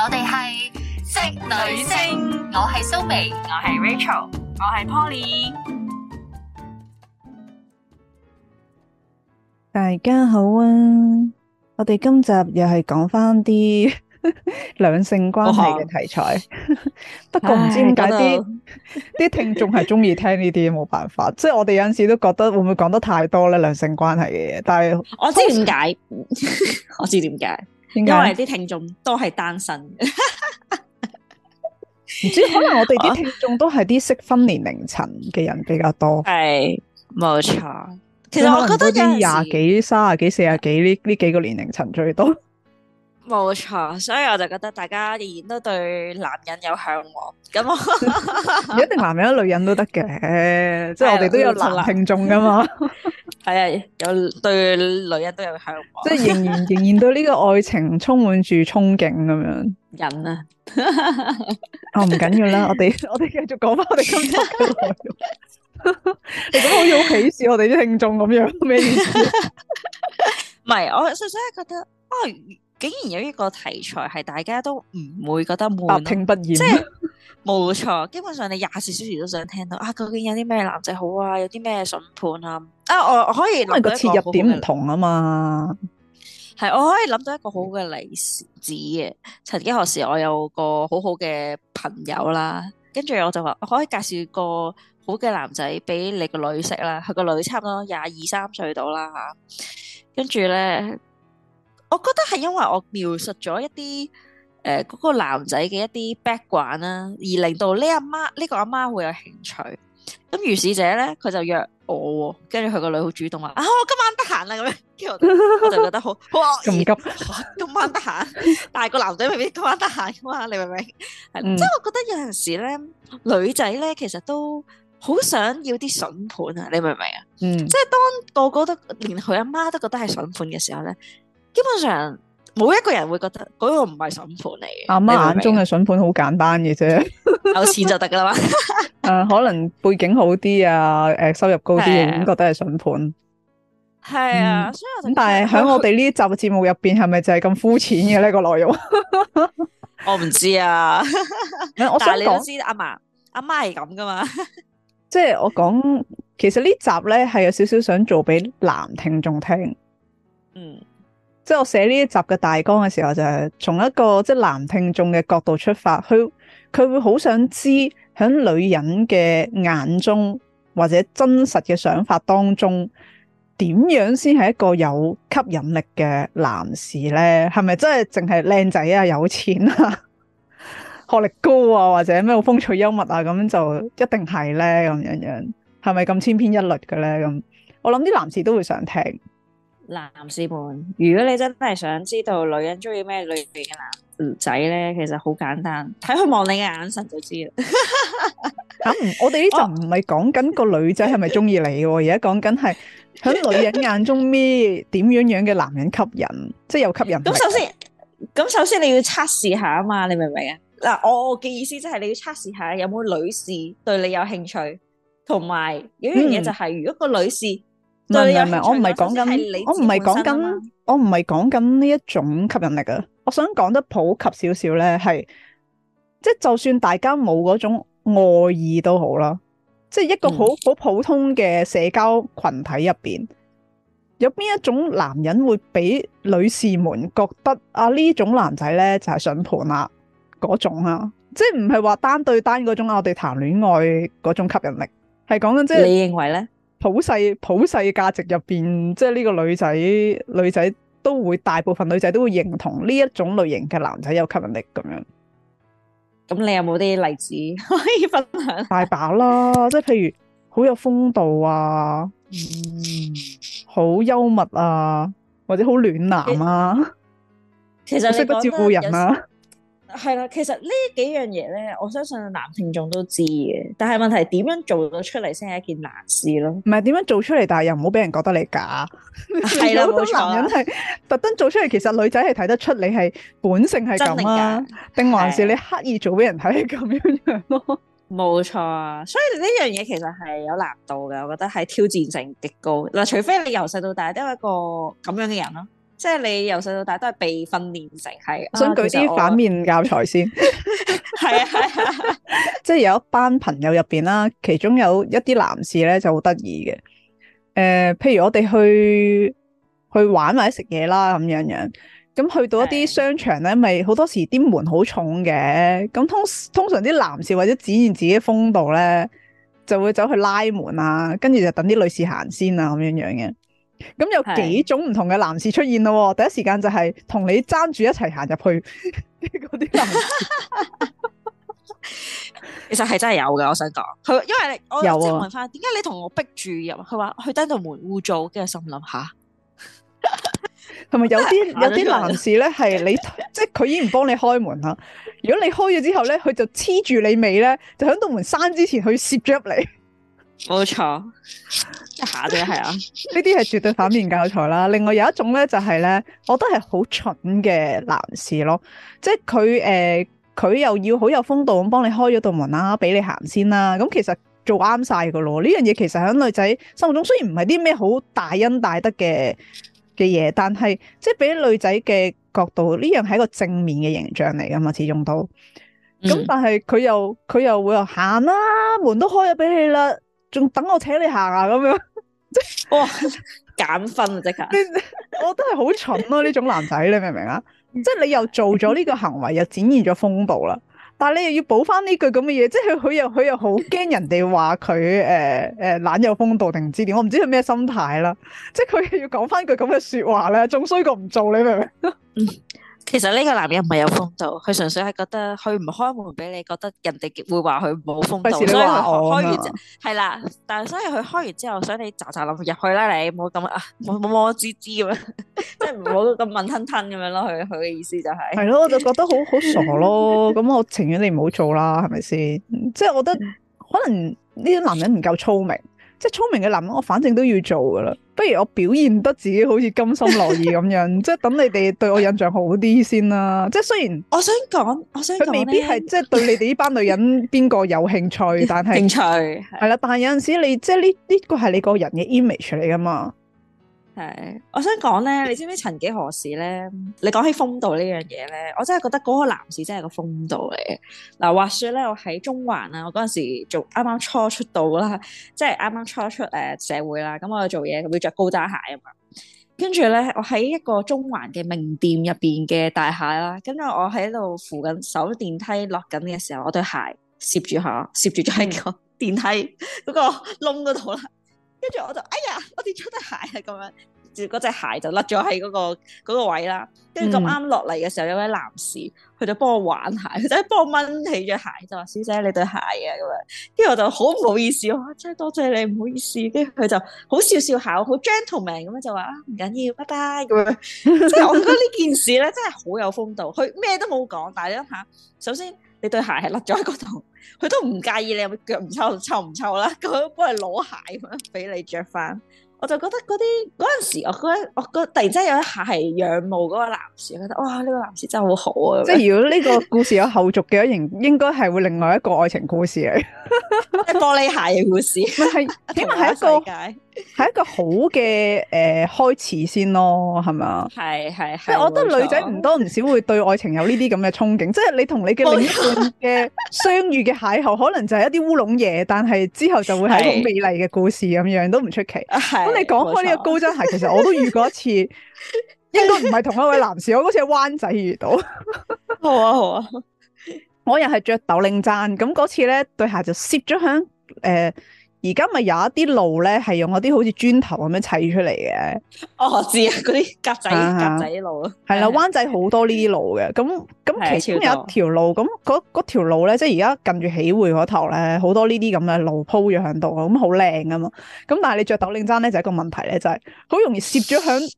我哋係職女聲，女星我係蘇眉，我係 Rachel，我係 Polly。大家好啊！我哋今集又係講翻啲兩性關係嘅題材，哇 不過唔知點解啲啲聽眾係中意聽呢啲，冇辦法，即係 我哋有陣時候都覺得會唔會講得太多咧？兩性關係嘅嘢，但係我知點解， 我知點解。為因為啲聽眾都係單身，唔 知，可能我哋啲聽眾都係啲適婚年齡層嘅人比較多，係冇錯。其實我覺得啲廿幾、卅幾、四十幾呢呢幾個年齡層最多。冇錯，所以我就覺得大家仍然都對男人有嚮往。咁我 一定男人女人都得嘅，即係的我哋都有男聽眾噶嘛。係啊，有對女人都有嚮往，即係仍然仍然對呢個愛情充滿住憧憬咁樣。人啊！ 哦唔緊要啦，我哋我哋繼續講翻我哋今日嘅內容。你咁好似好鄙視我哋啲聽眾咁樣咩意思？唔係， 我純粹係覺得啊。哦竟然有一個題材係大家都唔會覺得悶，不即係冇錯。基本上你廿四小時都想聽到啊！究竟有啲咩男仔好啊？有啲咩審判啊？啊，我可以因為個切入點唔同啊嘛。係，我可以諗到一個好好嘅例子嘅。曾經、嗯、何時我有個好好嘅朋友啦，跟住我就話我可以介紹個好嘅男仔俾你個女識啦。佢個女差唔多廿二三歲到啦嚇，跟住咧。我覺得係因為我描述咗一啲誒嗰個男仔嘅一啲 background 啦，而令到呢阿媽呢、呢個阿媽會有興趣。咁如是者咧，佢就約我喎、啊，跟住佢個女好主動話：啊，我今晚得閒啦咁樣。跟住我，我就覺得好好哇咁急、哦，今晚得閒。但係 個男仔未必今晚得閒噶嘛，你明唔明？嗯、即係我覺得有陣時咧，女仔咧其實都好想要啲筍盤啊，你明唔明啊？嗯、即係當、嗰個個都連佢阿媽都覺得係筍盤嘅時候咧。基本上冇一個人會覺得嗰個唔係筍盤嚟嘅。阿媽眼中嘅筍盤好簡單嘅啫，有錢就得噶啦嘛。誒、 呃，可能背景好啲啊，誒、呃，收入高啲，咁、啊、覺得係筍盤。係啊，嗯、所以但係喺我哋呢集節目入邊，係咪、啊、就係咁膚淺嘅呢、呢個內容？ 我唔知啊。 嗯、我想但係你都知，阿嫲、阿媽係咁噶嘛？ 即係我講，其實呢集咧係有少少想做俾男聽眾聽。嗯。即係我寫呢一集嘅大綱嘅時候，就係從一個即係男聽眾嘅角度出發，佢佢會好想知，響女人嘅眼中或者真實嘅想法當中，點樣先係一個有吸引力嘅男士咧？係咪真係淨係靚仔啊、有錢啊、 學歷高啊，或者咩風趣幽默啊，咁就一定係咧？咁樣樣係咪咁千篇一律嘅咧？咁我諗啲男士都會想聽。男士們，如果你真係想知道女人中意咩類型嘅男仔咧，其實好簡單，睇佢望你嘅眼神就知啦。嚇！我哋呢就唔係講緊個女仔係咪中意你喎，而家講緊係喺女人眼中咩點樣樣嘅男人吸引，即係有吸引。咁首先，咁首先你要測試下啊嘛，你明唔明啊？嗱，我我嘅意思即係你要測試下有冇女士對你有興趣，同埋有一樣嘢就係如果個女士。唔係我唔係講緊，是我唔係講緊，嗯、我唔係講緊呢一種吸引力啊！我想講得普及少少咧，係即係就算大家冇嗰種愛意都好啦，即、就、係、是、一個好好、嗯、普通嘅社交群體入邊，有邊一種男人會俾女士們覺得啊，呢種男仔咧就係上盤啦嗰種啊，即係唔係話單對單嗰種啊？我哋談戀愛嗰種吸引力係講緊，即係你認為咧？普世普世嘅價值入面，即係呢個女仔，女仔都會大部分女仔都會認同呢一種類型嘅男仔有吸引力咁樣。咁你有冇啲例子可以分享啊？大把啦，即係譬如好有風度啊，好 幽默啊，或者好暖男啊，其實識得照顧人啊。係啦，其實呢幾樣嘢咧，我相信男聽眾都知嘅。但係問題點樣做到出嚟先係一件難事咯。唔係點樣做出嚟，但係又唔好俾人覺得你假。係咯的， 男人係特登做出嚟， 其實女仔係睇得出你係本性係咁啊，定還是你刻意做俾人睇係咁樣樣、啊、咯？冇錯啊。所以呢樣嘢其實係有難度嘅，我覺得係挑戰性極高。嗱，除非你由細到大都係一個咁樣嘅人咯。即係你由細到大都係被訓練成係，啊、想舉啲反面教材先。係啊，即係有一班朋友入邊啦，其中有一啲男士咧就好得意嘅。誒、呃，譬如我哋去去玩或者食嘢啦，咁樣樣。咁去到一啲商場咧，咪好的多時啲門好重嘅。咁通通常啲男士為咗展現自己嘅風度咧，就會走去拉門啊，跟住就等啲女士行先啊，咁樣樣嘅。咁有幾種唔同嘅男士出現咯、哦，的第一時間就係同你爭住一齊行入去嗰啲 男士， 其實係真係有嘅。我想講，佢因為你有的我之前問翻，點解你同我逼住入？佢話去登到門污糟，跟住心諗下。係咪 有啲有啲男士咧係你 即係佢已經唔幫你開門啦？如果你開咗之後咧，佢就黐住你尾咧，就喺度門閂之前佢攝咗入嚟。 冇錯，一下啫係啊，呢啲係絕對反面教材啦。 另外有一種咧就係、是、咧，我覺得係好蠢嘅男士咯，即係佢誒，佢、呃、又要好有風度咁幫你開咗道門啦、啊，俾你行先啦、啊。咁其實做啱晒噶咯，呢樣嘢其實喺女仔心目中雖然唔係啲咩好大恩大德嘅嘅嘢，但係即係俾女仔嘅角度，呢樣係一個正面嘅形象嚟噶嘛，始終都。咁、嗯、但係佢又佢又會話行啦，門都開咗俾你啦。仲等我請你行啊！咁樣，即係哇減分啊！即刻，我覺得係好蠢咯！呢種男仔，你明唔明啊？ 即係你又做咗呢個行為，又展現咗風度啦，但係你又要補翻呢句咁嘅嘢，即係佢又佢又好驚人哋話佢誒誒懶有風度定唔知點？我唔知佢咩心態啦。即係佢又要講翻句咁嘅說話咧，仲衰過唔做，你明唔明？ 其實呢個男人唔係有風度，佢純粹係覺得佢唔開門俾你，覺得人哋會話佢冇風度，說說啊、所以佢開完啫。係啦，但係所以佢開完之後，想你渣渣諗入去啦，你唔好咁啊，冇冇支支咁樣，我猜猜 即係唔好咁慢吞吞咁樣咯。佢佢嘅意思就係係咯，我就覺得好好傻咯。咁我情願你唔好做啦，係咪先？即係我覺得可能呢啲男人唔夠聰明。即係聰明嘅男人，我反正都要做噶啦，不如我表現得自己好似甘心樂意咁樣， 即係等你哋對我印象好啲先啦。即係雖然我想講，我想佢未必係即係對你哋呢班女人邊個有興趣， 但係是興趣係啦。但係有陣時你即係呢呢個係你個人嘅 image 嚟噶嘛。係，我想講咧，你知唔知曾幾何時咧？你講起風度呢樣嘢咧，我真係覺得嗰個男士真係個風度嚟嘅。嗱，話說咧，我喺中環啊，我嗰陣時做啱啱初出道啦，即係啱啱初出誒社會啦，咁我做嘢要着高踭鞋啊嘛。跟住咧，我喺一個中環嘅名店入邊嘅大廈啦，跟住我喺度扶緊手電梯落緊嘅時候，我對鞋攝住下，攝住咗喺個電梯嗰個窿嗰度啦。 跟住我就哎呀，我跌咗，那個那個，對鞋啊！咁樣，就嗰隻鞋就甩咗喺嗰個個位啦。跟住咁啱落嚟嘅時候，有位男士佢就幫我挽鞋，佢就幫我掹起隻鞋，就話小姐你對鞋啊咁樣。跟住我就好唔好意思，我真係多謝，謝你唔好意思。跟住佢就好笑笑下，好 gentleman 咁樣就話啊唔緊要，拜拜咁樣。即係我覺 得呢件事咧，真係好有風度，佢咩都冇講，但係你諗下，首先你對鞋係甩咗喺嗰度。佢都唔介意你腳唔臭，臭唔臭啦，佢幫你攞鞋，咁樣俾你着翻。我就覺得嗰啲陣時我我，我覺得我覺得突然之間有一下係仰慕嗰個男士，覺得哇呢個男士真係好好啊！即係如果呢個故事有後續嘅 應該係會另外一個愛情故事嚟，即玻璃鞋嘅故事。係是，起碼係一個。係一個好嘅誒、呃、開始先咯，係咪？係係係，係我覺得女仔唔多唔少會對愛情有呢啲咁嘅憧憬， 即係你同你嘅另一半嘅相遇嘅邂逅， 可能就係一啲烏龍嘢，但係之後就會係一種美麗嘅故事咁樣 是都唔出奇。咁是你講開呢個高踭鞋， 其實我都遇過一次，應該唔係同一位男士，我好似喺灣仔遇到。好 啊好啊，好啊我又係着鬥零踭，咁嗰次咧對鞋就攝咗喺誒。呃而家咪有一啲路咧，係用嗰啲好似磚頭咁樣砌出嚟嘅。哦，我知啊，嗰啲格仔、嗯、格仔路啊，係啦的，灣的仔好多呢啲路嘅。咁咁的其中有一條路，咁嗰嗰條路咧，即係而家近住囍匯嗰頭咧，好多呢啲咁嘅路鋪咗喺度，咁好靚噶嘛。咁但係你着斗零踭咧，就係一個問題咧，就係、是、好容易攝咗響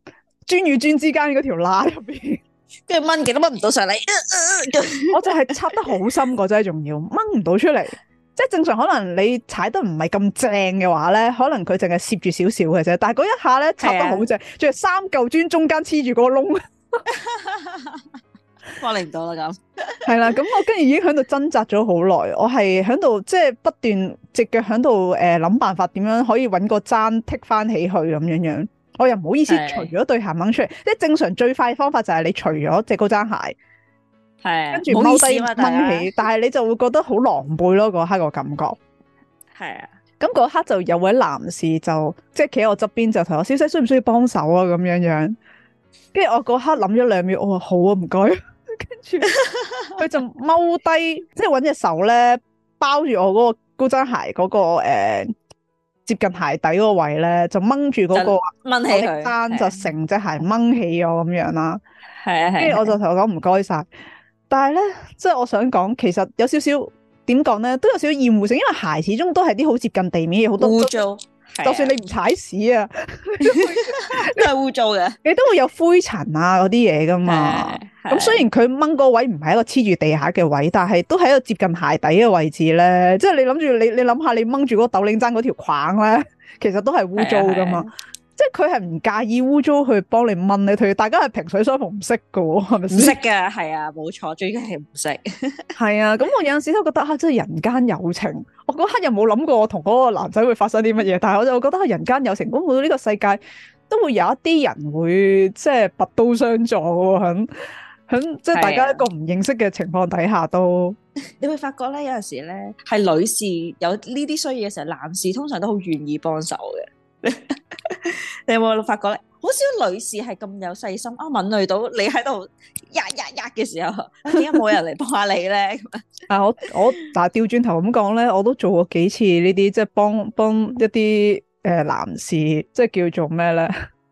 磚與磚之間嗰條罅入邊，跟住掹幾都掹唔到上嚟。 我就係插得好深個，真仲要掹唔到出嚟。即正常，可能你踩得唔係咁正嘅話咧，可能佢淨係攝住少少嘅啫。但係嗰一下咧，踩得好正，仲係的三嚿磚中間黐住嗰個窿 翻嚟唔到啦咁。係啦，咁我跟住已經喺度掙扎咗好耐， 我係喺度即係不斷隻腳喺度諗辦法點樣可以搵個踭踢翻起去咁樣樣。我又唔好意思除咗對鞋掹出嚟，即係的正常最快方法就係你除咗隻高踭鞋。係，跟住踎低掹起，但係你就會覺得好狼狽咯、啊，嗰刻個感覺。係啊，咁嗰刻就有位男士就即係企喺我側邊，就同我小姐需唔需要幫手啊，咁樣樣。跟住我嗰刻諗咗兩秒，我話好啊，唔該。跟住佢就踎低，即係搵隻手咧包住我嗰個高踭鞋嗰、那個誒、欸、接近鞋底嗰個位咧，就掹住嗰個掹起佢，單、啊、就成隻鞋掹起咗咁樣啦。係啊係，跟住、啊、我就同我講唔該晒。但係咧，即係我想講，其實有少少點講咧，都有少少厭惡性，因為鞋始終都係啲好接近地面嘅，好多污糟。髒就算你唔踩屎啊，是啊 都係污糟嘅。你都會有灰塵啊嗰啲嘢噶嘛。咁、啊啊、雖然佢掹嗰位唔係一個黐住地下嘅位置，但係都係一個接近鞋底嘅位置咧。是啊是啊、即係你諗住你你諗下你掹住嗰豆鈴踭嗰條框咧，其實都係污糟噶嘛。即係佢係唔介意污糟去幫你問你，同大家係萍水相逢唔識嘅喎，係咪先？識嘅係啊，冇錯，最緊係唔識。係 啊，咁我有陣時都覺得嚇，真、啊、係人間友情。我嗰刻又冇諗過我同嗰個男仔會發生啲乜嘢，但係我就覺得人間友情。咁到呢個世界都會有一啲人會即係拔刀相助嘅喎，喺即係大家一個唔認識嘅情況底下都。啊、你會發覺咧，有陣時咧係女士有呢啲需要嘅時候，男士通常都好願意幫手嘅。 你有冇發覺咧？好少女士係咁有細心啊，敏銳到你喺度吔吔吔嘅時候，點解冇人嚟幫下你咧？ 啊，我我嗱掉轉頭咁講咧，我都做過幾次呢啲，即係幫幫一啲誒、呃、男士，即係叫做咩咧？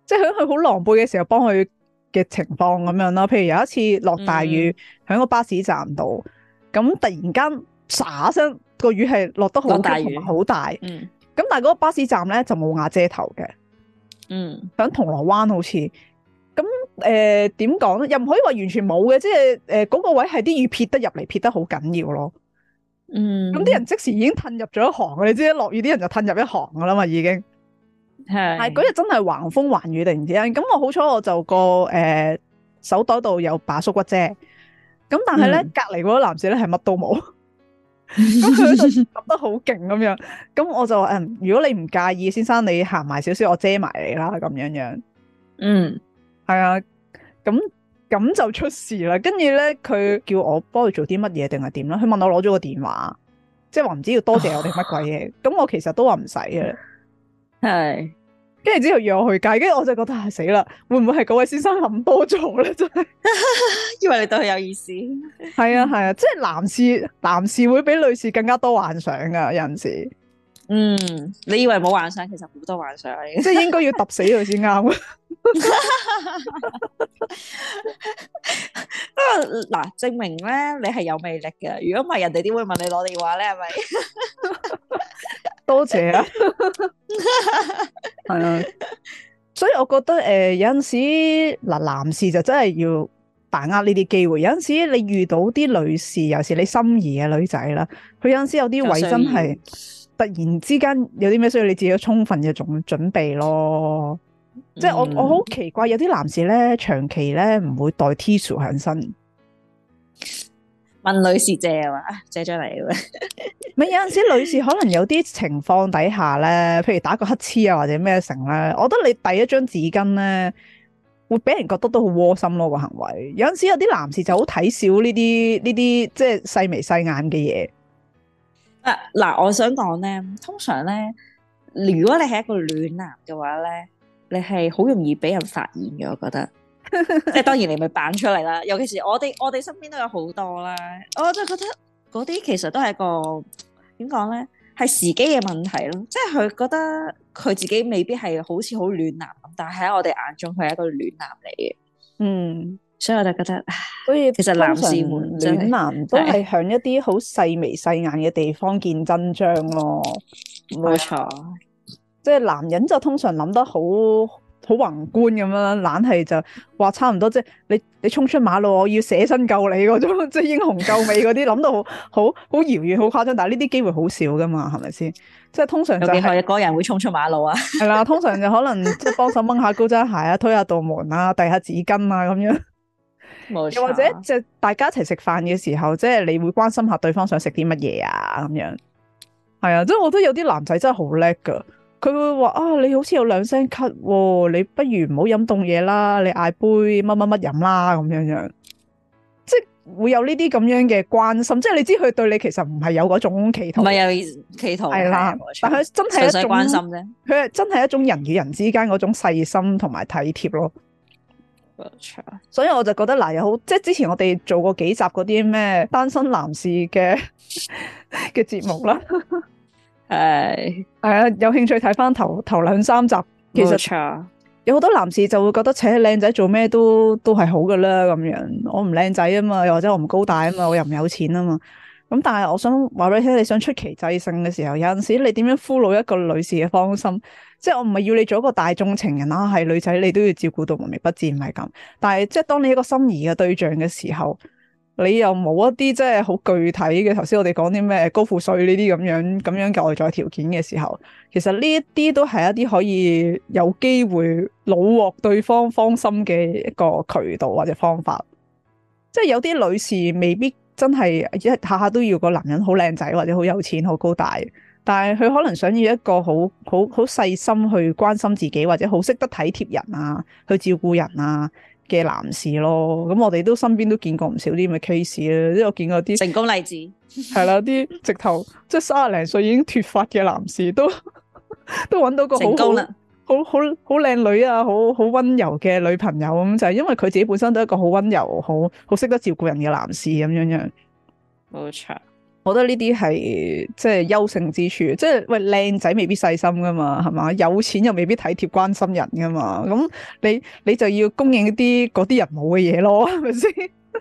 即係喺佢好狼狽嘅時候，幫佢嘅情況咁樣啦。譬如有一次落大雨，嗯，喺個巴士站度，咁突然間沙聲個雨係落得好急同埋好大。嗯咁但係嗰個巴士站咧就冇瓦遮頭嘅，嗯，響銅鑼灣好似，咁誒點講咧？又唔可以話完全冇嘅，即係誒嗰個位係啲雨撇得入嚟，撇得好緊要咯，嗯。咁啲人即時已經褪入咗一行，你知啦，落雨啲人就褪入一行噶啦嘛，已經係。係嗰日真係橫風橫雨定唔知啊！咁我好彩我就個誒、呃、手袋度有把縮骨遮，咁但係咧隔籬嗰個男士咧係乜都冇。 咁佢 就揼得好勁咁樣，咁我就誒、嗯，如果你唔介意，先生你行埋少少，我遮埋你啦，咁樣樣。嗯，係啊，咁咁就出事啦。跟住咧，佢叫我幫佢做啲乜嘢定係點啦？佢問我攞咗個電話，即係話唔知要多謝我哋乜鬼嘢。咁 我其實都話唔使嘅，係。跟住之後讓我去街，跟住我就覺得啊死啦，會唔會係嗰位先生諗多咗咧？真係，以為你對佢有意思。係 啊係啊，即係男士，男士會比女士更加多幻想噶，有陣時。嗯，你以為冇幻想，其實好多幻想。即係應該要揼死佢先啱。啊，嗱，證明咧你係有魅力嘅。如果唔係，人哋點會問你攞電話咧？係咪？多謝啊。係啊。所以我覺得誒，有陣時嗱，男士就真係要把握呢啲機會。有陣時你遇到啲女士，尤其是你心儀嘅女仔啦，佢有陣時有啲位真係。突然之間有啲咩需要，你自己充分嘅總準備咯。即係我、嗯、我好奇怪，有啲男士咧長期咧唔會帶 tissue 喺身，問女士借啊嘛，借咗嚟嘅。咪 有陣時女士可能有啲情況底下咧，譬如打個乞嗤啊或者咩成咧，我覺得你遞一張紙巾咧會俾人覺得都好窩心咯個行為。有陣時有啲男士就好睇少呢啲呢啲即係細眉細眼嘅嘢。嗱，我想講咧，通常咧，如果你係一個暖男嘅話咧，你係好容易俾人發現嘅，我覺得， 即係當然你咪扮出嚟啦。尤其是我哋，我哋身邊都有好多啦，我就係覺得嗰啲其實都係一個點講咧，係時機嘅問題咯。即係佢覺得佢自己未必係好似好暖男咁，但係喺我哋眼中佢係一個暖男嚟嘅，嗯。所以我就覺得，所以其實男士通常戀男都係向一啲好細微細眼嘅地方見真章咯，冇錯的。唉即係男人就通常諗得好好宏觀咁樣，懶係就話差唔多，即係你你衝出馬路，我要捨身救你嗰種，即係英雄救美嗰啲諗到好好好遙遠好誇張，但係呢啲機會好少噶嘛，係咪先？即係通常就幾何個人會衝出馬路啊？係 啦，通常就可能即係幫手掹下高踭鞋一一啊，推下道門啊，遞下紙巾啊咁樣。又或者就大家一齊食飯嘅時候，即係你會關心下對方想食啲乜嘢啊咁樣。係啊，即係我覺得有啲男仔真係好叻噶，佢會話啊，你好似有兩聲咳，你不如唔好飲凍嘢啦，你嗌杯乜乜乜飲啦咁樣樣。即係會有呢啲咁樣嘅關心，即係你知佢對你其實唔係有嗰種企圖，唔係有企圖係啦，是的但係真係一種隨隨關心咧。佢係真係一種人與人之間嗰種細心同埋體貼咯。所以我就覺得嗱、啊，有好即係之前我哋做過幾集嗰啲咩單身男士嘅嘅節目啦，誒誒是、 哎，有興趣睇翻頭頭兩三集，其實有好多男士就會覺得扯，扯靚仔做咩都都係好㗎啦咁樣，我唔靚仔啊嘛，又或者我唔高大啊嘛，我又唔有錢啊嘛。咁但係我想話俾你聽，你想出奇制勝嘅時候，有陣時你點樣俘虜一個女士嘅芳心？即係我唔係要你做一個大眾情人啦，係女仔你都要照顧到無微不至，唔係咁。但係即係當你一個心儀嘅對象嘅時候，你又冇一啲即係好具體嘅，頭先我哋講啲咩高富帥呢啲咁樣咁樣嘅外在條件嘅時候，其實呢一啲都係一啲可以有機會虜獲對方芳心嘅一個渠道或者方法。即係有啲女士未必。真係一下下都要個男人好靚仔，或者好有錢、好高大，但係佢可能想要一個好好好細心去關心自己或者好識得體貼人啊，去照顧人啊嘅男士咯。咁我哋都身邊都見過唔少啲咁嘅 case 啦，因為我見過啲成功例子，係啦，啲直頭即係卅零歲已經脫髮嘅男士都都揾到個好高。成功好好好靚女啊，好好溫柔嘅女朋友咁，就係因為佢自己本身都一個好溫柔、好好識得照顧人嘅男士咁樣樣。冇錯，我覺得呢啲係即係優勝之處。即係喂，靚仔未必細心噶嘛，係嘛？有錢又未必體貼關心人噶嘛。咁你你就要供應一啲嗰啲人冇嘅嘢咯，係咪先？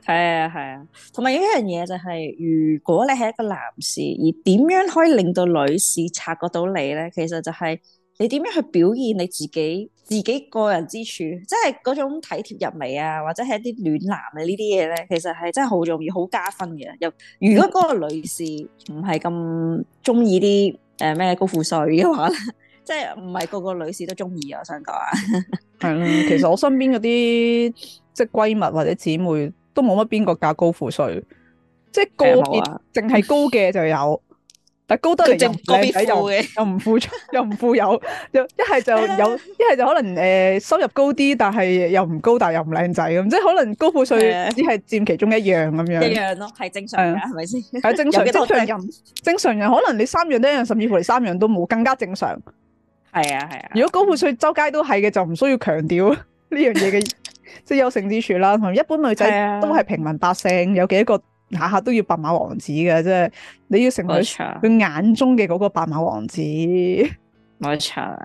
係啊係啊。同埋有一樣嘢就係，如果你係一個男士，而點樣可以令到女士察覺到你咧？其實就係。你點樣去表現你自己自己個人之處？即係嗰種體貼入微啊，或者係一啲暖男啊這些東西呢啲嘢咧，其實係真係好重要、好加分嘅。又如果嗰個女士唔係咁中意啲誒咩高富帥嘅話，即係唔係個個女士都中意啊？我想講係啦，其實我身邊嗰啲即係閨蜜或者姊妹都冇乜邊個嫁高富帥，即係個別淨係高嘅、啊、就有。但高得嚟又唔靚仔嘅，又唔富足，又唔富有，一係 就有一係就可能、呃、收入高啲，但係又唔高，但又唔靚仔咁，即可能高富帥只係佔其中一樣咁樣。一樣咯，係正常嘅，係咪先？係正常， 多少 正常人，正常人可能你三樣都一樣，甚至乎你三樣都冇，更加正常。係啊係啊。如果高富帥周街都係嘅，就唔需要強調呢樣嘢嘅即有優勝之處啦。同一般女仔都係平民百姓，是啊、有幾多個？下下都要白馬王子嘅，即係你要成為佢錯眼中嘅嗰個白馬王子。冇錯錯，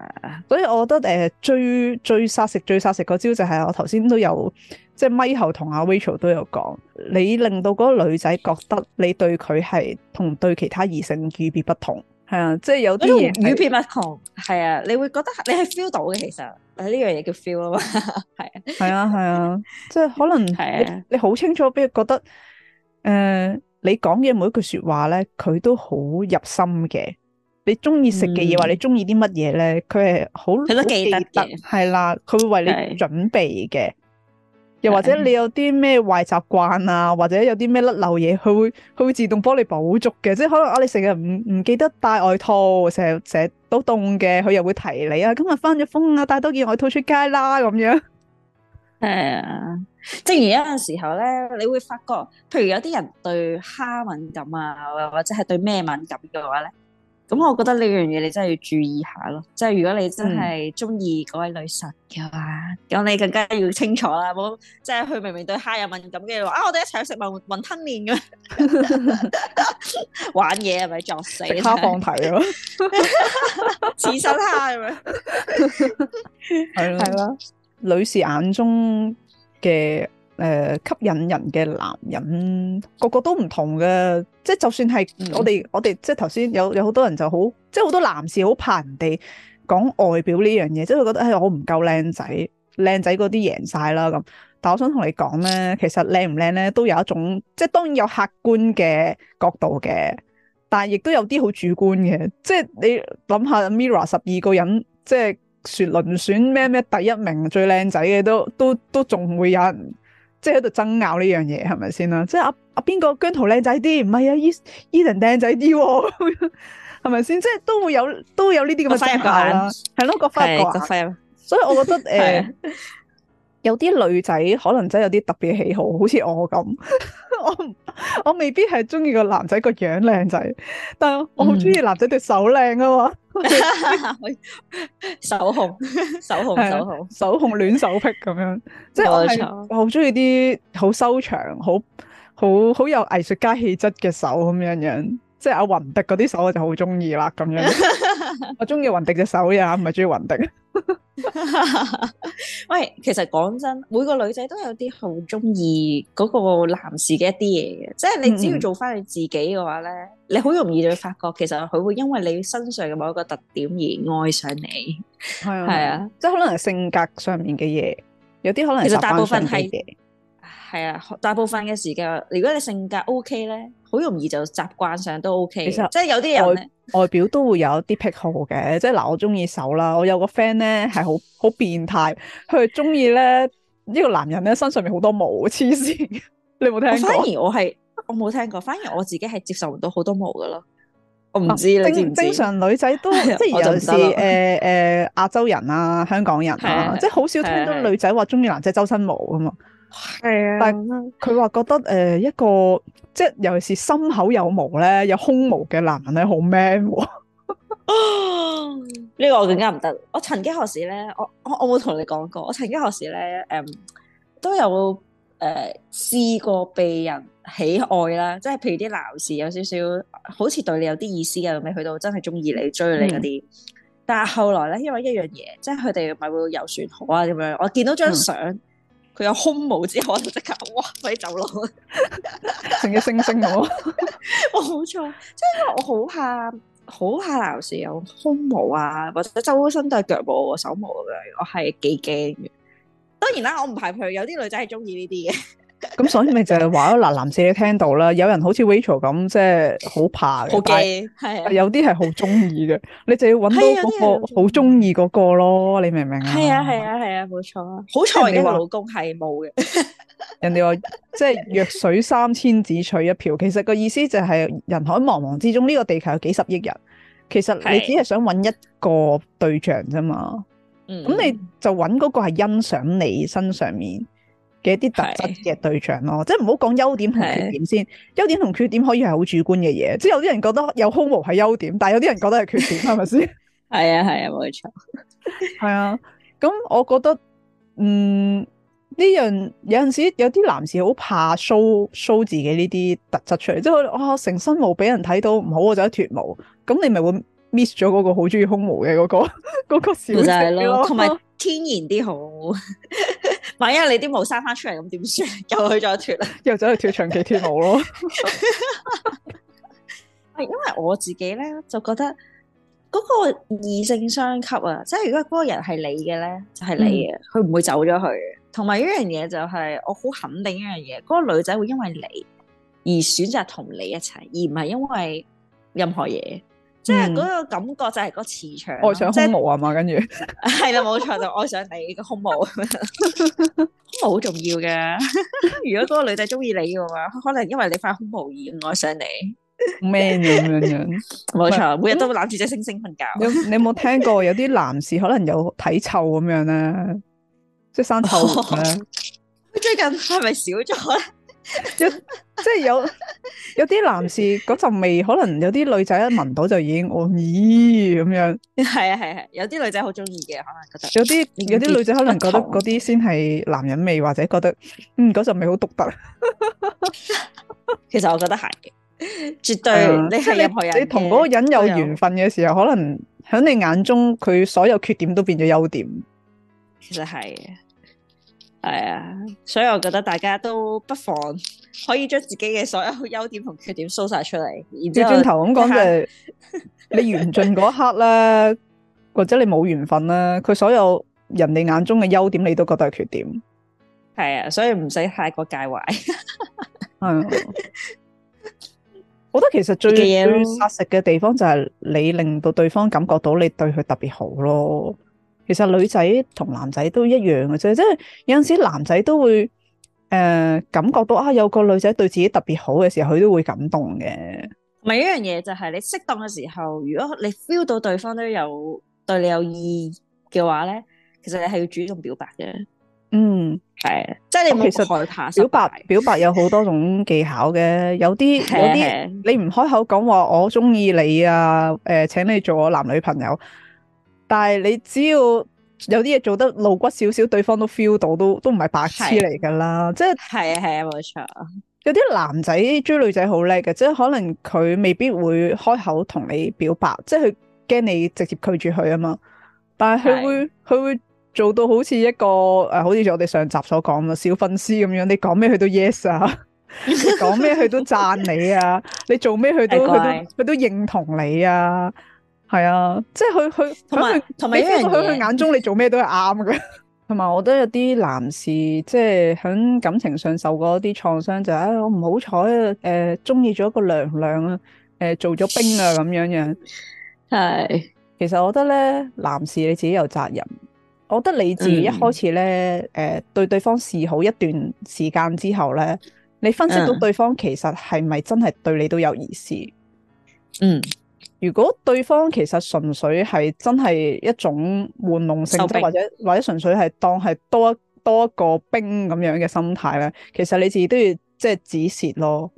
所以我覺得誒、呃，最最殺食、最殺食個招就係我頭先都有，即係咪後同阿 Rachel 都有講，你令到嗰個女仔覺得你對佢係同對其他異性與別不同，係啊，即係有啲與別不同，係啊，你會覺得你係 feel 到嘅，其實呢樣嘢叫 feel 啊 嘛，係啊，係啊，係啊， 即係可能係你好清楚，比如覺得。誒，uh, 你講嘅每一句說話咧，佢都好入心嘅。你中意食嘅嘢，話、嗯、你中意啲乜嘢咧，佢係好記得記得係啦。佢的會為你準備嘅。又或者你有啲咩壞習慣啊，或者有啲咩甩漏嘢，佢會佢會自動幫你補足嘅。即係可能我哋成日唔唔記得帶外套，成日成日都凍嘅，佢又會提你啊。今日翻咗風啊，帶多件外套出街啦咁樣。係啊，正如有陣時候咧，你會發覺，譬如有啲人對蝦敏感啊，或者係對咩敏感嘅話咧，咁我覺得呢樣嘢你真係要注意一下咯。即係如果你真係中意嗰位女神嘅話，咁、嗯、你更加要清楚啦。冇即係佢明明對蝦有敏感嘅話，啊，我哋一齊食雲雲吞麵嘅， 玩嘢係咪作死？蝦放題咯，刺身蝦係咪？係咯、 啊。女士眼中嘅誒、呃、吸引人嘅男人，個個都唔同嘅，即係就算係我哋我哋即係頭先有有好多人就好，即係好多男士好怕人哋講外表呢樣嘢，即係覺得誒、哎、我唔夠靚仔，靚仔嗰啲贏晒啦咁。但係我想同你講咧，其實靚唔靚咧都有一種，即係當然有客觀嘅角度嘅，但係亦都有啲好主觀嘅，即係你諗下 Mirror 十二個人即係。說輪選咩咩第一名最靚仔嘅都都都仲會有人即係喺度爭拗呢樣嘢係咪先啦？即係阿阿邊個姜濤靚仔啲？唔係啊，Ethan 靚仔啲係咪先？即、e、係、就是、都會有都會有呢啲咁嘅爭拗啦。係咯，各花入各花眼。所以我覺得誒的、呃，有啲女仔可能真係有啲特別喜好，好似我咁， 我我未必係中意個男仔個樣靚仔，但係我好中意男仔對手靚啊嘛手紅手紅手紅手紅，亂手癖咁樣，即係我好中意啲好修長，好好好有藝術家氣質嘅手咁樣樣，即係阿雲迪嗰啲手我就好中意啦，咁樣 我中意雲迪隻手呀，唔係中意雲迪。 喂，其實講真，每個女仔都有啲好中意嗰個男士嘅一啲嘢嘅，即係你只要做翻你自己嘅話咧，嗯嗯，你好容易就會發覺其實佢會因為你身上嘅某一個特點而愛上你，係啊，啊即係可能係性格上面嘅嘢，有啲可能是其實大部分係係啊，大部分嘅時間，如果你性格 O K 咧，好容易就習慣上都 O K 嘅，其實即係有啲人咧。 外表都會有一啲癖好嘅，即係嗱，我中意手啦。我有個 friend 咧係好好變態，佢中意咧呢個男人咧身上面好多毛，黐線。你冇聽過？我反而我係我冇聽過，反而我自己係接受唔到好多毛噶咯。我唔知你、啊、正，正常女仔都即係尤其是誒誒亞洲人啊，香港人啊， 即係好少聽到女仔話中意男仔周身毛啊嘛。係啊，但係佢話覺得誒一個即係尤其是心口有毛咧，有胸毛嘅男人咧好 man，呢 個我更加唔得。我曾幾何時咧，我我我冇同你講過。我曾幾何時咧，誒、嗯、都有誒試、呃、過被人喜愛啦，即係譬如啲男士有少少好似對你有啲意思啊，咁樣去到真係中意你追你嗰啲。嗯、但係後來咧，因為一樣嘢，即係佢哋咪會遊船河啊咁樣。我見到張相。嗯佢有胸毛之後，我就即刻哇快走咯，仲要 星星我， 我好醜，我好燥，即係因為我好怕，好怕男士有胸毛啊，或者周身都係腳毛手毛咁樣，我係幾驚嘅。當然啦，我唔排除有啲女仔係中意呢啲嘅。咁 所以咪就係話咗嗱，男士你聽到啦，有人好似 Rachel 咁，即係好怕嘅，但係有啲係好中意嘅， 你就要揾到個好中意嗰個咯，你明唔明啊？係啊係啊係啊，冇錯啊！啊錯好彩嘅老公係冇嘅， 人哋話即係弱水三千只取一瓢，其實個意思就係、是、人海茫茫之中，呢、這個地球有幾十億人，其實你只係想揾一個對象啫嘛，咁是你就揾嗰個係欣賞你身上面嘅一啲特質嘅對象咯，是即係唔好講優點同缺點先，優是點同缺點可以係好主觀嘅嘢，即係有啲人覺得有胸毛係優點，但係有啲人覺得係缺點，係咪先？係啊係啊，冇錯。係啊，咁、 啊、我覺得，嗯，呢樣有陣時有啲男士好怕 show show 自己呢啲特質出嚟，即係我、啊、成身毛俾人睇到唔好，我就要脫毛，咁你咪會 miss 咗嗰個好中意胸毛嘅嗰、那個嗰 個小姐咯，同埋天然啲好。 萬一你啲毛生翻出嚟，咁點算？救脫又去再脫啦，又走去脫長期脫毛咯。係 因為我自己咧，就覺得嗰個異性相吸啊，即係如果嗰個人係你嘅咧，就係你嘅，嗯、佢唔會走咗去。同埋呢樣嘢就係我好肯定一樣嘢，嗰個女仔會因為你而選擇同你一齊，而唔係因為任何嘢。嗯、即係嗰個感覺就係個磁場，即愛上胸毛啊嘛，跟住係啦，冇錯 就係、愛上你個胸毛， 胸毛好重要嘅。如果嗰個女仔中意你嘅話，可能因為你塊胸毛而愛上你咩？a 咁樣樣。冇錯，每日都攬住隻星星瞓覺。你冇聽過有啲男士可能有體臭咁樣咧，即係 生臭 最近係咪少咗？ 有即係有有啲男士嗰陣味，可能有啲女仔一聞到就已經哦咦咁樣。係啊係係，有啲女仔好中意嘅，可能覺得有啲有啲女仔可能覺得嗰啲先係男人味， 或者覺得嗯嗰陣味好獨特。 其實我覺得係，絕對的你係你同嗰個人有緣分嘅時候，可能喺你眼中佢所有缺點都變咗優點。其實係。係啊，所以我覺得大家都不妨可以將自己嘅所有優點同缺點 show 晒出嚟，然後轉頭咁講句，就係， 你緣盡嗰刻咧，或者你冇緣分啦，佢所有人哋眼中嘅優點，你都覺得係缺點。係啊，所以唔使太過介懷。係、 啊，我覺得其實最殺食嘅地方就係你令到對方感覺到你對佢特別好咯。其實女仔同男仔都一樣嘅啫，即係有陣時男仔都會誒、呃、感覺到啊有個女仔對自己特別好嘅時候，佢都會感動嘅。同埋一樣嘢，就係你適當嘅時候，如果你 feel 到對方都有對你有意嘅話咧，其實你係要主動表白嘅。嗯，係，即係你其實害怕表白，表白有好多種技巧嘅，有啲有啲 你唔開口講話，我中意你啊，誒、呃，請你做我男女朋友。但係你只要有啲嘢做得露骨少少，對方都 feel 到，都都唔係白痴嚟噶啦。即係，係啊，係啊，冇錯。有啲男仔追女仔好叻嘅，即係可能佢未必會開口同你表白，即係佢驚你直接拒絕佢啊嘛。但係佢會佢的會做到好似一個誒，好似我哋上集所講嘅小粉絲咁樣。你講咩佢都 yes 啊，講咩佢都讚你啊，你做咩佢都佢乖都佢都，都認同你啊。係啊，即係佢佢同喺佢，喺佢眼中你做咩都係啱嘅。同埋，我覺得有啲男士，即係喺感情上受過一啲創傷，就唉、是哎，我唔好彩啊！誒、呃，中意咗一個娘娘啊，誒、呃，做咗兵啊，咁樣樣。係，其實我覺得咧，男士你自己有責任。我覺得你自己一開始咧，誒、嗯呃，對對方示好一段時間之後咧，你分析到對方其實係咪真係對你都有意思？嗯。如果對方其實純粹係真係一種玩弄性質，兵或者或者純粹係當係多多一個兵咁樣嘅心態咧，其實你自己都要即係止蝕咯。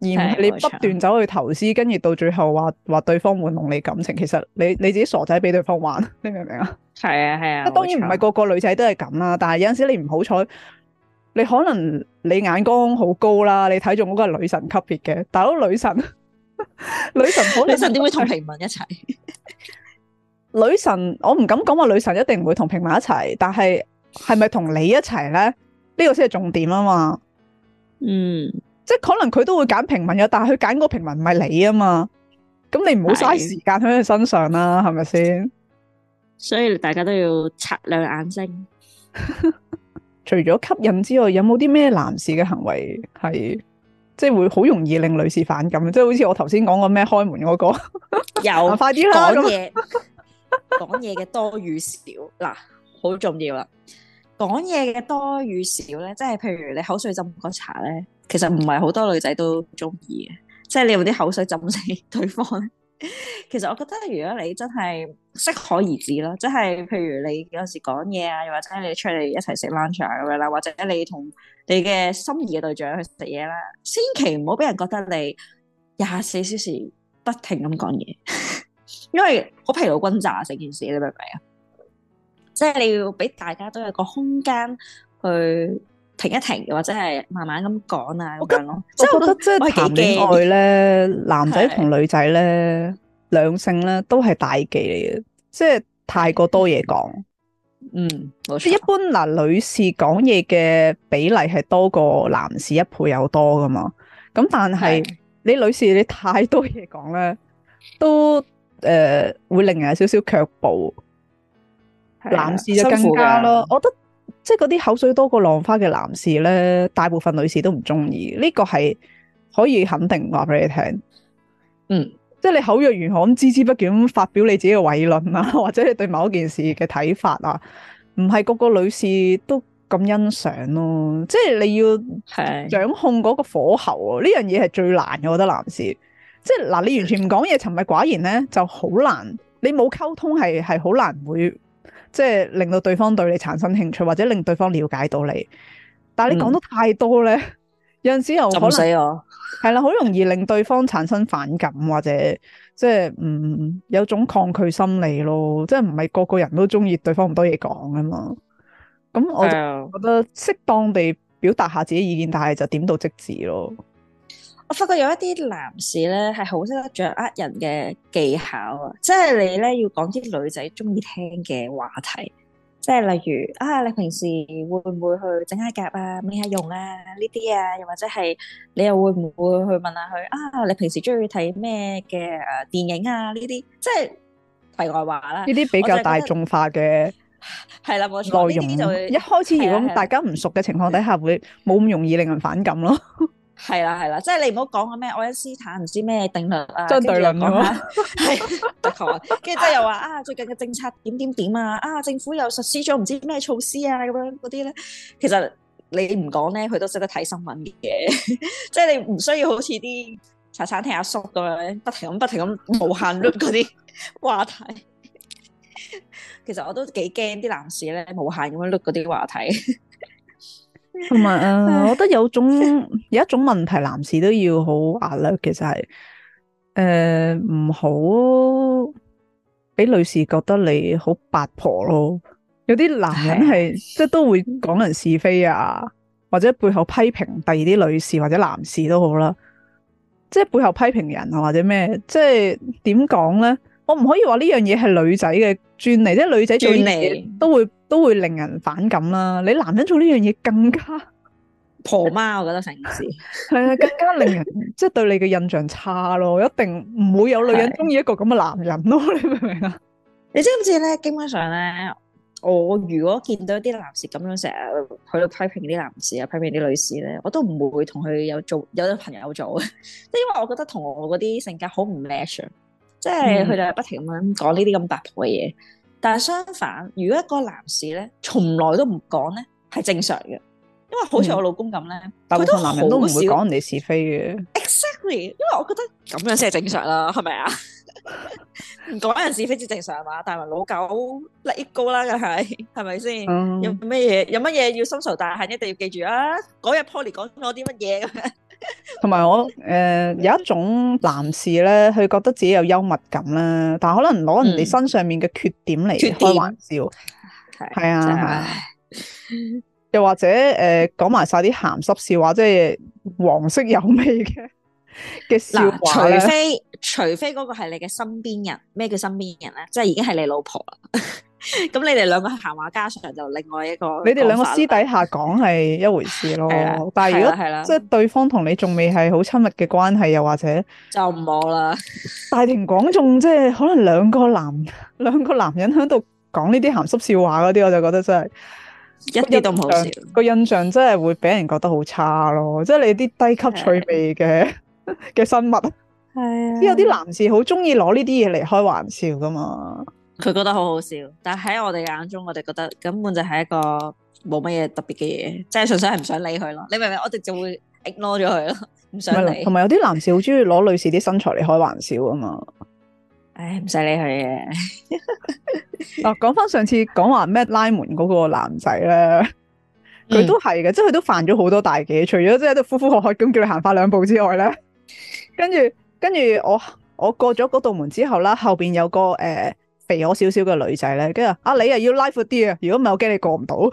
而不你不斷走去投資，跟住到最後話話對方玩弄你感情，其實你你自己傻仔俾對方玩，你明唔明啊？係啊，係啊，當然唔係個個女仔都係咁啦，但係有陣時你唔好彩，你可能你眼光好高啦，你睇中嗰個女神級別嘅，大佬女神。 女神，好， 女神點會同平民一齊？女神，我唔敢講話女神一定唔會同平民一齊，但係係咪同你一齊咧？呢、呢個先係重點啊嘛。嗯，即係可能佢都會揀平民嘅，但係佢揀個平民唔係你啊嘛。咁你唔好嘥時間喺佢身上啦，係咪先？是是所以大家都要擦亮眼睛。 除咗吸引之外，有冇啲咩男士嘅行為係？是即係會好容易令女士反感，即係好似我頭先講過咩開門嗰、嗰個，又快啲啦，講嘢講嘢嘅多與少，嗱好 重要啦。講嘢嘅多與少咧，即係譬如你口水浸個茶咧，其實唔係好多女仔都中意嘅，即係你用啲口水浸死對方。其實我覺得如果你真係適可而止咯，即係譬如你有陣時講嘢啊，又或者你出嚟一齊食 lunch 咁樣啦，或者你同你嘅心儀嘅對象去食嘢啦，千祈唔好俾人覺得你廿四小時不停咁講嘢，因為好疲勞轟炸成件事，你明唔明啊？即係你要俾大家都有一個空間去。停一停，或者係慢慢咁講啊咁樣咯。即係我覺得，即係談戀愛咧，男仔同女仔咧，兩性咧都係大忌嚟嘅。即係太過多嘢講，嗯，冇錯。一般嗱，女士講嘢嘅比例係多過男士一倍有多噶嘛。咁但係你女士你太多嘢講咧，都誒會令人有少少卻步。男士就更加咯，我覺得。即係嗰啲口水多過浪花嘅男士咧，大部分女士都唔中意，呢個係可以肯定話俾你聽。嗯，即係你口若懸河咁，孜孜不倦咁發表你自己嘅偉論啊，或者你對某一件事嘅睇法啊，唔係個個女士都咁欣賞咯。即係你要掌控嗰個火候啊，呢樣嘢係最難嘅，我覺得男士。即係嗱，你完全唔講嘢，沉默寡言咧，就好難。你冇溝通係，係係好難會。即係令到對方對你產生興趣，或者令對方了解到你。但係你講得太多咧，有陣、嗯、時又可能係啦，好容易令對方產生反感，或者即係嗯，有種抗拒心理咯。即係唔係個個人都中意對方唔多嘢講啊嘛。咁我就覺得適當地表達下自己的意見，但係就點到即止咯。我發覺有一啲男士咧，係好識得掌握人嘅技巧啊！即係你咧，要講啲女仔中意聽嘅話題，即係例如啊，你平時會唔會去整下甲啊、咩下用啊呢啲啊？又或者係你又會唔會去問下佢啊？你平時中意睇咩嘅誒電影啊？呢啲即係題外話啦。呢啲比較大眾化嘅係啦，內容就會一開始，如果大家唔熟嘅情況底下，會冇咁容易令人反感咯。係啦，係啦，即係你唔好講個咩愛因斯坦唔知咩定律啊，相對論咁係足球啊，跟住即係又話啊最近嘅政策點點點啊，啊政府又實施咗唔知咩措施啊咁樣嗰啲咧，其實你唔講咧，佢都識得睇新聞嘅。 即係你唔需要好似啲茶餐廳阿叔咁樣不停咁不停咁無限轆嗰啲話題。 其實我都幾驚啲男士咧，無限咁樣轆嗰啲話題。同埋誒，我覺得有種有一種問題，男士都要好壓力，其實係誒唔好俾女士覺得你好八婆咯。有啲男人係 Yeah. 即係都會講人是非啊，或者背後批評第二啲女士或者男士都好啦。即係背後批評人啊，或者咩？即係點講咧？我唔可以話呢樣嘢係女仔嘅專利，即係女仔做咩都會。都會令人反感啦、啊！你男人做呢樣嘢更加婆媽，我覺得成件事係啊， 更加令人即係 對你嘅印象差咯，一定唔會有女人中意一個咁嘅男人咯，的你明唔明啊？你知唔知咧？基本上咧，我如果見到啲男士咁樣成日去到批評啲男士啊，批評啲女士咧，我都唔會同佢有做有啲朋友做，即係因為我覺得同我嗰啲性格好唔 match，即係佢哋係不停咁樣講呢啲咁八婆嘅嘢。嗯但係相反，如果一個男士咧，從來都唔講咧，係正常嘅，因為好似我老公咁咧，佢、嗯、都男人都唔會講人哋是非嘅。Exactly，因為我覺得咁樣先係正常啦，係咪啊？唔講 人是非先正常嘛，但係老狗立高啦，噶、就、係、是，係咪先？有咩嘢？有乜嘢要深仇大恨，一定要記住啊！嗰日 Polly 講咗啲乜嘢咁？ 同埋我誒、呃，有一種男士咧，佢覺得自己有幽默感啦，但可能攞人哋身上面嘅缺點嚟開玩笑，係、嗯、啊，是又或者誒，講埋晒啲鹹濕笑話，即係黃色有味嘅嘅笑話。除非除非嗰個係你嘅身邊人，咩叫身邊人咧？即係已經係你老婆啦。 咁你哋兩個閒話家常就另外一個，你哋兩個私底下講係一回事咯。但係如果即係對方同你仲未係好親密嘅關係，又或者就唔好啦。大庭廣眾即係可能兩個男兩個男人喺度講呢啲鹹濕笑話嗰啲，我就覺得真係一啲都唔好笑。個印象真係會俾人覺得好差咯。即係你啲低級趣味嘅嘅生物，啲有啲男士好中意攞呢啲嘢嚟開玩笑噶嘛。佢覺得好好笑，但喺我哋眼中，我哋覺得根本就係一個冇乜嘢特別嘅嘢，即係純粹係唔想理佢咯。你明唔明？我哋就會 ignore 咗佢咯，唔想理。同埋有啲男士好中意攞女士啲身材嚟開玩笑啊嘛。唉，唔使理佢嘅。啊、 哦，講翻上次講話咩拉門嗰個男仔咧，佢都係嘅，嗯、即係佢都犯咗好多大忌，除咗即係喺度呼呼喝喝咁叫你行返兩步之外咧，跟住跟住我我過咗嗰道門之後啦，後邊有個誒。呃肥咗少少嘅女仔咧，跟住啊你又要拉闊啲啊！如果唔係，我驚你過唔到。啊！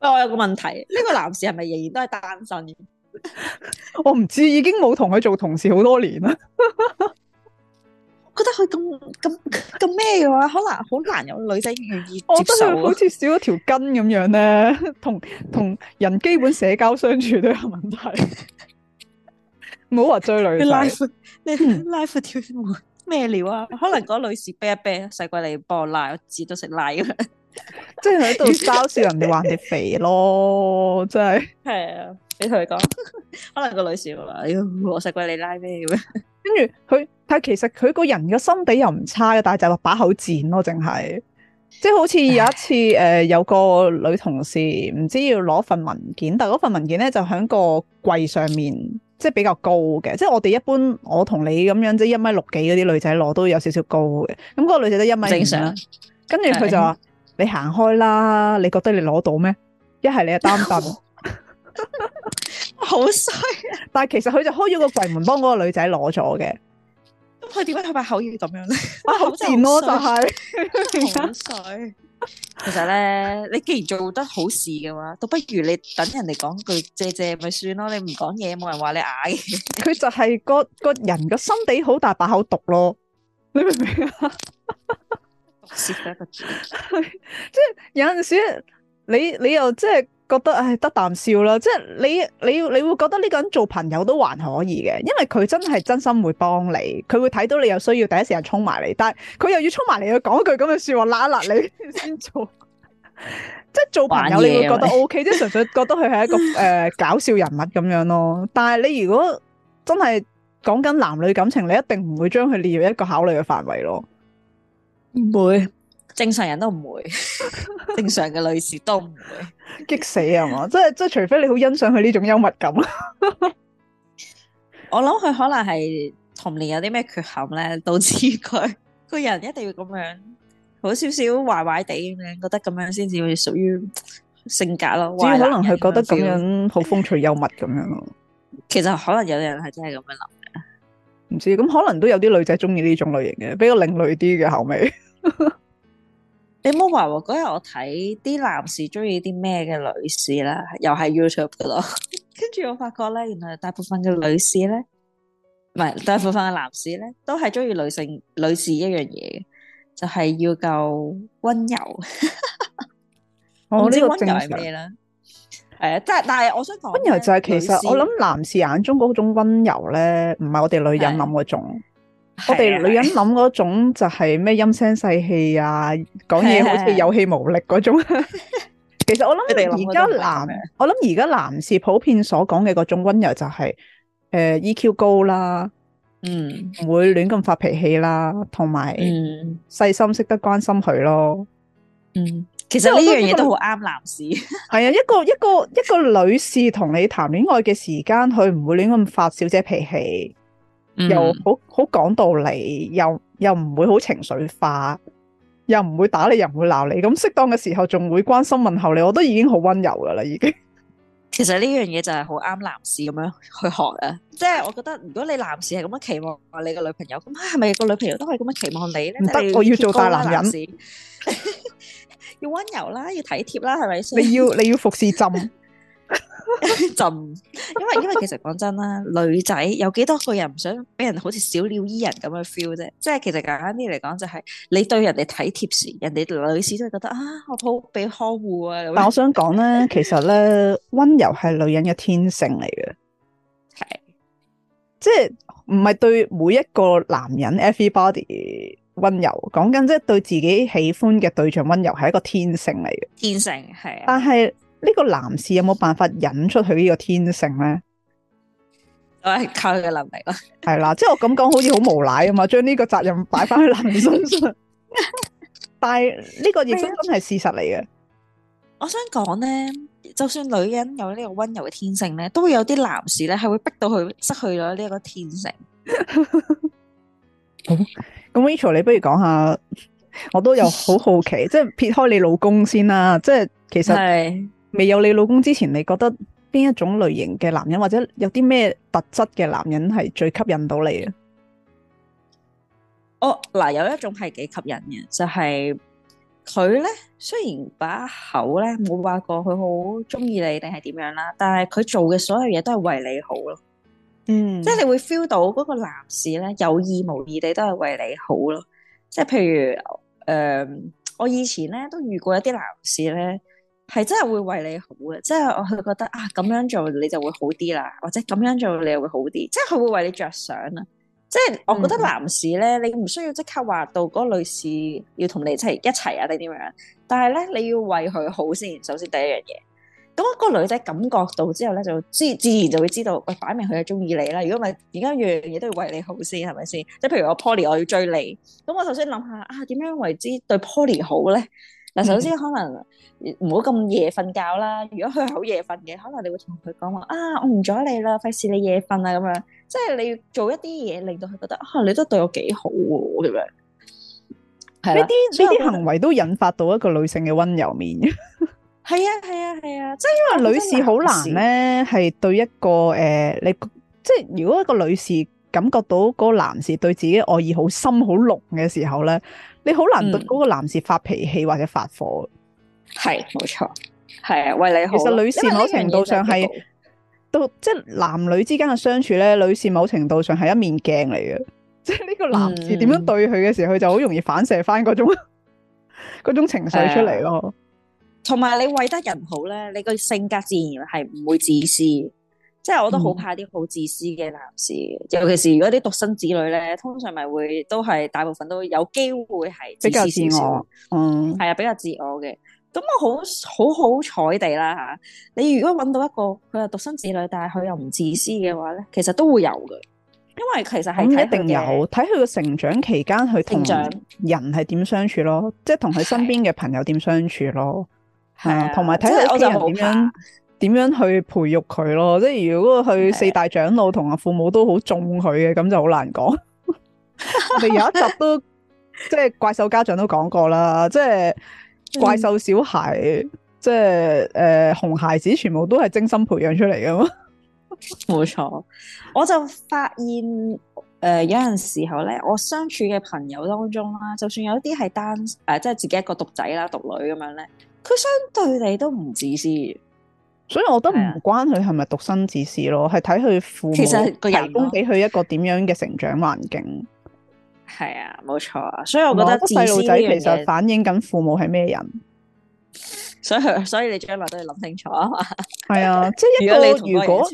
但我,但 我有個問題，呢個男士係咪仍然都係單身？我唔知，已經冇同佢做同事好多年啦。 我覺得佢咁咁咁咩嘅話，可能好難有女仔願意接受的。我覺得佢好似少咗條筋咁樣咧，同同人基本社交相處都有問題。 唔好話追女你拉幅，你拉條咩料啊？可能嗰女士啤一啤，細鬼你幫我拉，我字都識拉咁樣， 即係喺度嘲笑人哋話人哋肥咯，真係。係啊，你同佢講，可能個女士話：喲， 我細鬼，你拉咩？跟住佢，但其實佢個人嘅心地又唔差嘅，但係就話把口賤咯，淨係。即係好似有一次，誒唉、呃，有個女同事唔知要攞份文件，但係嗰份文件咧就喺個櫃上面。即係比較高嘅，即係我哋一般，我同你咁樣即係一米六幾嗰啲女仔攞都有少少高嘅，咁嗰個女仔得一米，正常。跟住佢就話：你行開啦！你覺得你攞到咩？一係你就擔凳，好衰。但係其實佢就開咗個櫃門幫嗰個女仔攞咗嘅。咁佢點解佢把口要咁樣咧？啊，口賤咯，就係。好其實咧，你既然做得好事嘅話，倒不如你等人哋講句謝謝咪算咯。你唔講嘢，冇人話你矮。佢就係個個人個心地好，大把口毒咯。你明唔明啊？毒死第一個嘴。 即係有時你你又即係。覺得唉得啖笑啦，即係你你你會覺得呢個人做朋友都還可以嘅，因為佢真係真心會幫你，佢會睇到你有需要，第一時間衝埋嚟，但係佢又要衝埋嚟去講句咁嘅說話，拉一拉你先做， 即係做朋友你會覺得 OK，即係純粹覺得佢係一個誒、 呃、搞笑人物咁樣咯。但係你如果真係講緊男女感情，你一定唔會將佢列入一個考慮嘅範圍咯，唔會。正常人都唔會，正常嘅女士都唔會激 死啊嘛！即係即係，除非你好欣賞佢呢種幽默感。 我諗佢可能係童年有啲咩缺陷咧，導致佢個人一定要咁樣好少少壞壞地咁樣，覺得咁樣先至會屬於性格咯。或者可能係覺得咁樣好風趣幽默咁樣咯。 其實可能有人係真係咁樣諗嘅，唔知咁可能都有啲女仔中意呢種類型嘅，比較另類啲嘅口味。 你冇話喎，嗰日我睇啲男士中意啲咩嘅女士啦，又係 YouTube 噶咯。跟住我發覺咧，原來大部分嘅女士咧，唔係大部分嘅男士咧，都係中意女性女士一樣嘢，就係要夠溫柔。我呢個溫柔係咩咧？誒，即係，但係我想講溫柔就係，其實我諗男士眼中嗰種溫柔咧，唔係我哋女人諗嗰種。我哋女人諗嗰種就係咩陰聲細氣啊，講嘢好似有氣無力嗰種。 其實我諗而家男， 想我諗而家男士普遍所講嘅嗰種溫柔就係、是、誒、呃、E Q 高啦，嗯，唔會亂咁發脾氣啦，同埋細心識得關心佢咯。嗯，其實呢樣嘢都好啱男士。係 啊，一個一個一個女士同你談戀愛嘅時間，佢唔會亂咁發小姐脾氣。嗯、又好好講道理，又又唔會好情緒化，又唔會打你，又唔會鬧你，咁適當嘅時候仲會關心問候你，我都已經好溫柔噶啦，已經。其實呢樣嘢就係好啱男士咁樣去學啊！即係我覺得如果你男士係咁樣期望你個女朋友，咁啊係咪個女朋友都係咁樣期望你咧？唔得，我要做大男人，男士 要溫柔啦，要體貼啦，係咪？你要你要服侍朕。 浸， 因為因為其實講真啦， 女仔有幾多個人唔想俾人好似小鳥依人咁嘅 feel 啫，即係其實簡單啲嚟講就係、是、你對人哋體貼時，人哋女士都係覺得啊，我好俾呵護啊。但我想講咧， 其實咧溫柔係女人嘅天性嚟嘅，係是即係唔係對每一個男人 everybody 溫柔，講緊即係對自己喜歡嘅對象溫柔係一個天性嚟嘅，天性係，是但係。呢個男士有冇辦法引出佢呢個天性咧？我係靠佢嘅能力咯。係啦，即係我咁講，好似好無賴啊嘛，將呢個責任擺翻去男人身上。 但係呢個亦都真係事實嚟嘅。我想講咧，就算女人有呢個温柔嘅天性咧，都會有啲男士咧係會逼到佢失去咗呢一個天性。咁，Rachel 你不如講下，我都有好好奇， 即係撇開你老公先啦，即係其實。係未有你老公之前，你覺得邊一種類型嘅男人，或者有啲咩特質嘅男人係最吸引到你啊？哦，嗱，有一種係幾吸引嘅，就係佢咧，雖然把口咧冇話過佢好中意你定係點樣啦，但係佢做嘅所有嘢都係為你好咯。嗯，即係你會 feel 到嗰個男士咧有意無意地都係為你好咯。即係譬如誒、呃，我以前咧都遇過一啲男士咧。係真係會為你好嘅，即係我覺得啊，咁樣做你就會好啲啦，或者咁樣做你又會好啲，即係佢會為你着想啊！即係我覺得男士咧，嗯，你唔需要即刻話到嗰個女士要同你一齊一齊啊，定點樣？但係咧，你要為佢好先，首先第一樣嘢。咁嗰個女仔感覺到之後咧，就自自然就會知道，喂，擺明佢係中意你啦。如果唔係，而家樣樣嘢都要為你好先，係咪先？即係譬如我 Poly，我要追你，咁我首先諗下啊，點樣為之對 Poly 好咧？嗱，首先可能唔好咁夜瞓覺啦。如果佢好夜瞓嘅，可能你會同佢講話啊，我唔阻你啦，費事你夜瞓啊咁樣。即係你要做一啲嘢，令到佢覺得吓，你都對我幾好咁樣。係啦，呢啲呢啲行為都引發到一個女性嘅溫柔面。係啊係啊係啊，即係因為女士好難咧，係對一個誒，你即係如果一個女士感覺到嗰個男士對自己愛意好深好濃嘅時候咧。你好難對嗰個男士發脾氣或者發火，係冇錯，係啊，為你好。其實女士某程度上係，是這個、到，即係男女之間嘅相處咧，女士某程度上係一面鏡嚟嘅，即係呢個男士點樣對佢嘅時候，佢、嗯、就好容易反射翻嗰種、嗯、 嗰種情緒出嚟咯。同埋你為得人好咧，你個性格自然係唔會自私。即係我都好怕啲好自私嘅男士，嗯，尤其是如果啲獨生子女咧，通常咪會都係大部分都有機會係比較自我，嗯，係啊，比較自我嘅。咁我好好好彩地啦吓，你如果揾到一個佢係獨生子女，但係佢又唔自私嘅話咧，其實都會有嘅。因為其實係一定有睇佢個成長期間佢同人係點相處咯，即係同佢身邊嘅朋友點相處咯，係啊的，同埋睇佢我就冇樣。點樣去培育佢咯？即係如果佢四大長老同啊父母都好重佢嘅，咁就好難講。我哋 有一集都即係怪獸家長都講過啦，即係怪獸小孩，嗯、即係誒熊孩子，全部都係精心培養出嚟噶嘛？冇 錯，我就發現誒、呃、有陣時候咧，我相處嘅朋友當中啦、啊，就算有啲係單誒、呃，即係自己一個獨仔啦、獨女咁樣咧，佢相對你都唔自私。所以，我都唔關佢係咪獨生子是，是自私咯，係睇佢父母提供俾佢一個點樣嘅成長環境。係啊，冇錯啊。所以我覺得細路仔其實反映緊父母係咩人。所以，所以你將來都要諗清楚啊嘛。係 啊，即係一個如果，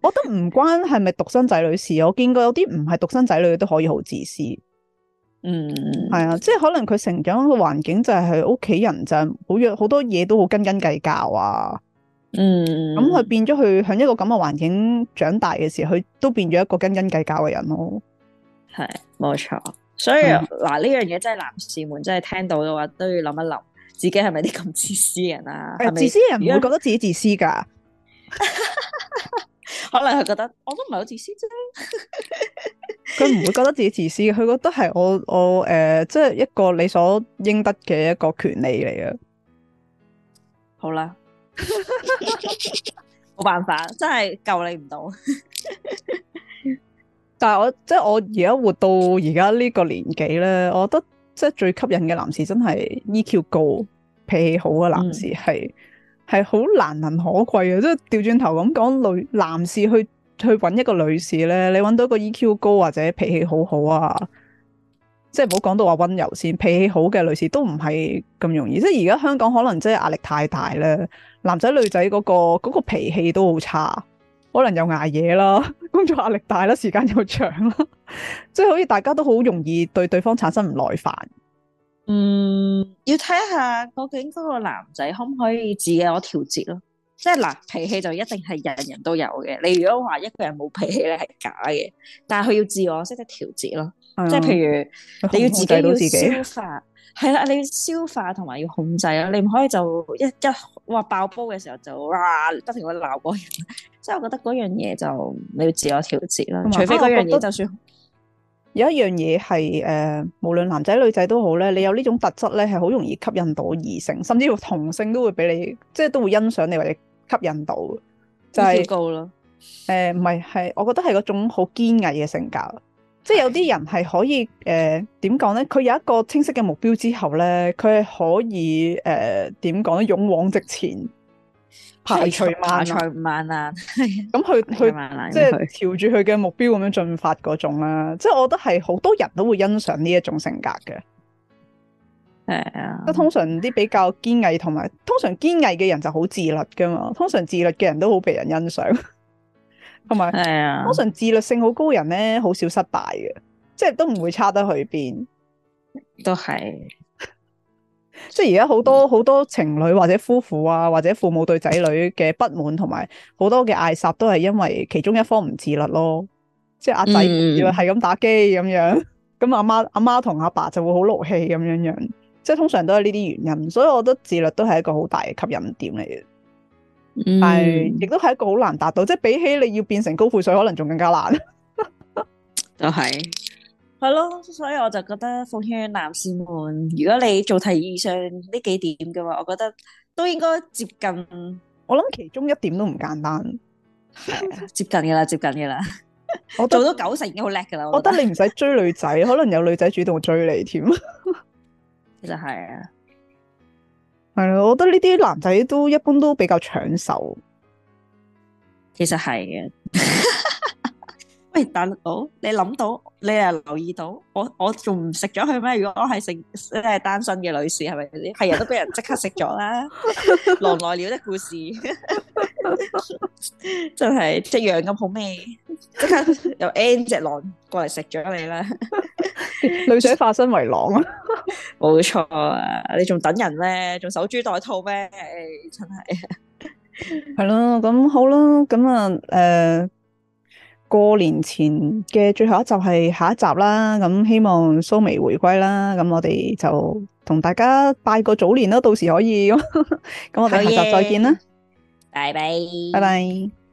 我覺得唔關係咪獨生仔女事，我見過有啲唔係獨生仔女都可以好自私。嗯，係啊，即係可能佢成長嘅環境就係屋企人就好好多嘢都會斤斤計較啊。嗯，咁佢變咗，佢喺一個咁嘅環境長大嘅時候，佢都變咗一個斤斤計較嘅人咯。係，冇錯。所以嗱，呢樣嘢真係男士們真係聽到嘅話，都要諗一諗，自己係咪啲咁自私人啊？誒，自私人唔會覺得自己自私噶？ 可能係覺得， 我都唔係好自私啫。佢 唔會覺得自己自私，佢覺得係我我誒，即、呃、係、就是、一個你所應得嘅一個權利嚟嘅。好啦。冇 辦法，真係救你唔到 。但係我即係我而家活到而家呢個年紀咧，我覺得即係最吸引嘅男士真係 EQ 高、脾氣好嘅男士係係好難能可貴啊！即係調轉頭咁講，女男士去去揾一個女士咧，你揾到個 EQ 高或者脾氣好好啊！即係唔好講到話温柔先，脾氣好嘅女士都唔係咁容易。即係而家香港可能真係壓力太大啦，男仔女仔嗰個嗰個脾氣都好差，可能又捱夜啦，工作壓力大啦，時間又長啦，即係好似大家都好容易對對方產生唔耐煩。嗯，要睇下究竟嗰個男仔可唔可以自己我調節咯？即係嗱，脾氣就一定係人人都有嘅。你如果話一個人冇脾氣咧，係假嘅，但係佢要自我識得調節咯。嗯、即係譬如，你要自己要消化，係啦，你要消化同埋要控制啦，你唔可以就一一話爆煲嘅時候就哇不停咁鬧嗰人， 所以我覺得嗰樣嘢就你要自我調節啦，除非嗰樣嘢、啊、就算有一樣嘢係誒，無論男仔女仔都好咧，你有呢種特質咧，係好容易吸引到異性，甚至同性都會俾你，即係都會欣賞你或者吸引到，就係、是、高啦。誒、呃，唔係係，我覺得係種好堅毅嘅性格。即係有啲人係可以誒點講咧？佢、呃、有一個清晰嘅目標之後咧，佢係可以誒點講咧？勇往直前，排除萬難，萬難。咁，佢佢即係朝住佢嘅目標咁樣進發嗰種啦。 即係我覺得係好多人都會欣賞呢一種性格嘅。係啊、嗯，通常啲比較堅毅同埋通常堅毅嘅人就好自律㗎嘛。通常自律嘅人都好被人欣賞。同埋，啊、通常自律性好高嘅人咧，好少失敗嘅，即係都唔會差得去邊。都係是，即係而家好多好、嗯、多情侶或者夫婦啊，或者父母對仔女嘅不滿，同埋好多嘅嗌霎都係因為其中一方唔自律咯。即係阿仔如果係咁打機咁樣，咁阿媽阿媽同阿爸就會好勞氣咁樣樣。即係通常都係呢啲原因，所以我覺得自律都係一個好大嘅吸引點嚟嘅。係，亦都係一個好難達到。嗯、即係比起你要變成高富帥，可能仲更加難。就係是，係 咯，所以我就覺得奉勸男士們，如果你做提以上呢幾點嘅話，我覺得都應該接近。我諗其中一點都唔簡單， 接近噶啦，接近噶啦。 我得做到九成已經好叻噶啦。我覺得你唔使追女仔， 可能有女仔主動追你添。其實係啊。係，我覺得呢啲男仔都一般都比較搶手。其實係嘅。 喂，大佬，你諗到，你又留意到，我我仲唔食咗佢咩？如果我係成即係單身嘅女士，係咪先？係人都俾人即刻食咗啦，狼 來了的故事， 真係即羊咁好咩？即刻又 n g 狼過嚟食咗你啦。 女仔化身為狼，冇錯啊！你仲等人咩？仲守株待兔咩？哎，真係係咯，咁 好啦，咁啊，誒、呃，過年前嘅最後一集係下一集啦，咁希望蘇眉回歸啦，咁我哋就同大家拜個早年啦，到時可以，咁 我哋下集再見啦，拜拜 bye，拜拜。